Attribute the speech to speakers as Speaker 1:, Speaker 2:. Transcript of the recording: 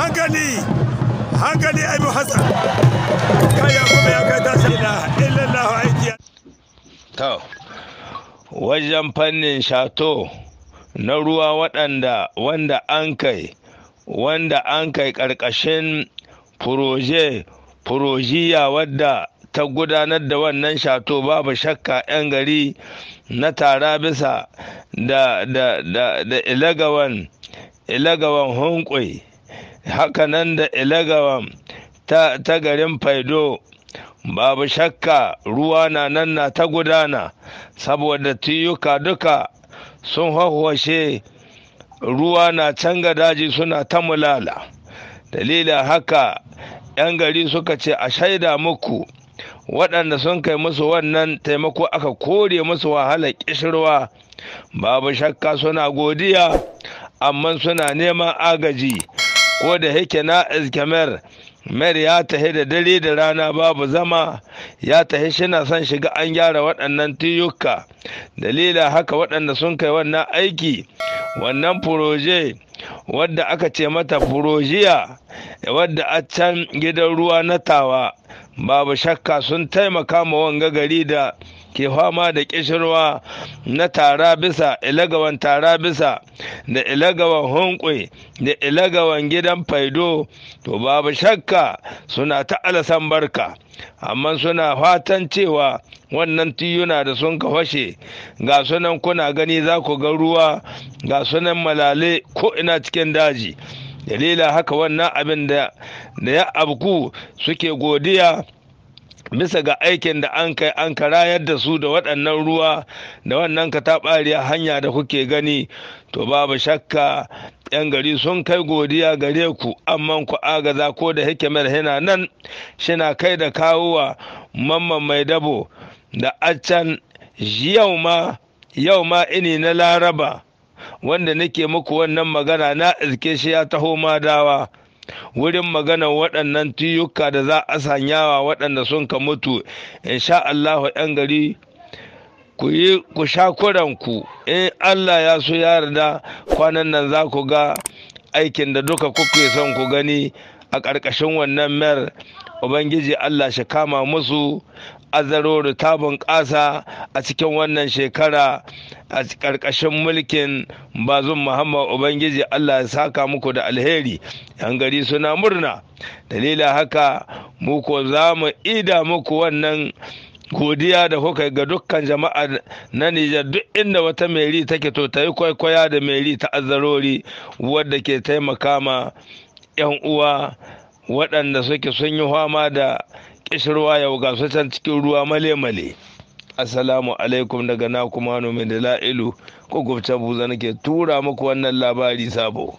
Speaker 1: hankali hankali abu hassan kaya kuma ya kai tashi na illallahu aiki to wajen fannin shato na ruwa waɗanda wanda an kai wanda an kai ƙarƙashin furoje furojiya wadda ta gudanar da wannan shato babu shakka 'yan gari na tara bisa da ilagawan ilagawan hunkwai hakanan da ilagawan ta, garin faido babu shakka ruwa na nan na ta gudana saboda tiyuka duka sun hahuwashe ruwa na can daji suna ta mulala dalilin haka 'yan gari suka ce a shaida muku waɗanda sun kai musu wannan taimako aka kore musu wahalar ƙishirwa babu shakka suna godiya amma suna neman agaji ko da yake na izgamar mer ya tahi da dare da rana babu zama ya tahi shina son shiga an gyara waɗannan tiyuka dalila haka waɗanda sun kai wannan aiki wannan furoje wadda aka ce mata furojiya wadda a can gidan ruwa na tawa babu shakka sun taimaka ma wanga gari da ke fama da kishirwa na tara bisa ilagawan tara bisa da ilagawan hunkwe da ilagawan gidan faido to babu shakka suna ta alasan barka amma suna fatan cewa wannan tiyuna da sun ka fashe ga sunan kuna gani za ku ga ruwa ga sunan malale ko ina cikin daji dalila haka wannan abin da ya abku suke godiya bisa ga aikin da an kai an karayar da su da waɗannan ruwa da wannan kataɓariya hanya da kuke gani to babu shakka 'yan gari sun kai godiya gare ku amman ku agaza ko da hikimar hina nan shina kai da kawowa mamman mai dabo da accan yau ma yau ma ini na laraba wanda nake muku wannan magana na iske shi ya taho ma dawa. wurin magana waɗannan tuyuka da za a sanyawa waɗanda sun ka mutu insha Allahu 'yan gari ku yi ku sha kuranku in Allah ya so ya yarda kwanan nan za ku ga aikin da duka kuke son ku gani a ƙarƙashin wannan mer ubangiji Allah shi kama musu azarori ta bunƙasa a cikin wannan shekara a ƙarƙashin mulkin bazun muhammad ubangiji allah ya saka muku da alheri yan gari suna murna dalila haka mu za mu ida muku wannan godiya da kuka ga dukkan jama'a na Nijar duk inda wata meri take to ta yi kwaikwaya da meri ta azarori wadda ke taimaka ma 'yan uwa waɗanda suke sun yi fama da kishirwa yau ga su can cikin ruwa male-male assalamu alaikum daga na kuma nomin da la'ilu ko gubce buza nake tura muku wannan labari sabo